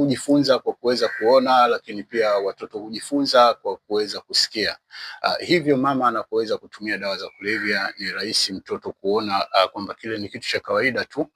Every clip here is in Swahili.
hujifunza kwa kuweza kuona, lakini pia watoto hujifunza kwa kuweza kusikia. Uh, hivyo mama anapoweza kutumia dawa za kulevya ni rahisi mtoto kuona uh, kwamba kile ni kitu cha kawaida tu,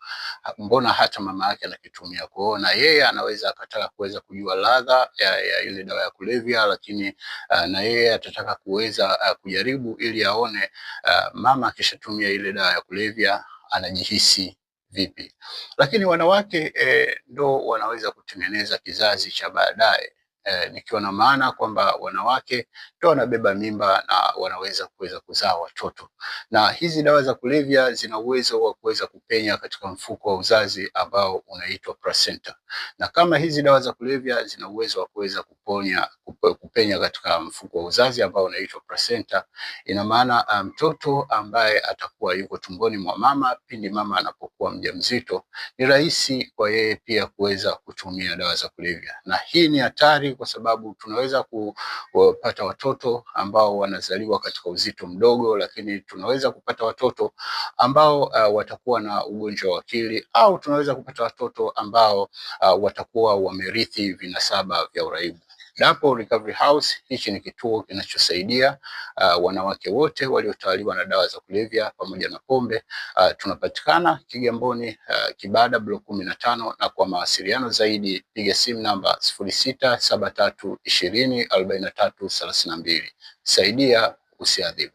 ah, mbona hata mama yake anakitumia. Kuona na yeye anaweza akataka kuweza kujua ladha ya, ya ile dawa ya kulevya, lakini uh, na yeye atataka kuweza uh, kujaribu ili aone uh, mama akishatumia ile dawa ya kulevya anajihisi vipi. Lakini wanawake e, ndo wanaweza kutengeneza kizazi cha baadaye e, nikiwa na maana kwamba wanawake ndo wanabeba mimba na wanaweza kuweza kuzaa watoto, na hizi dawa za kulevya zina uwezo wa kuweza kupenya katika mfuko wa uzazi ambao unaitwa placenta, na kama hizi dawa za kulevya zina uwezo wa kuweza kuponya kupenya katika mfuko wa uzazi ambao unaitwa placenta, ina maana ah, mtoto um, ambaye atakuwa yuko tumboni mwa mama pindi mama anapo kuwa mjamzito, ni rahisi kwa yeye pia kuweza kutumia dawa za kulevya, na hii ni hatari kwa sababu tunaweza kupata watoto ambao wanazaliwa katika uzito mdogo, lakini tunaweza kupata watoto ambao uh, watakuwa na ugonjwa wa akili au tunaweza kupata watoto ambao uh, watakuwa wamerithi vinasaba vya uraibu. Dapo Recovery House, hichi ni kituo kinachosaidia uh, wanawake wote waliotawaliwa na dawa za kulevya pamoja na pombe. Uh, tunapatikana Kigamboni, uh, Kibada block kumi na tano, na kwa mawasiliano zaidi piga simu namba sifuri sita saba tatu ishirini arobaini na tatu thelathini na mbili. Saidia, usiadhibu.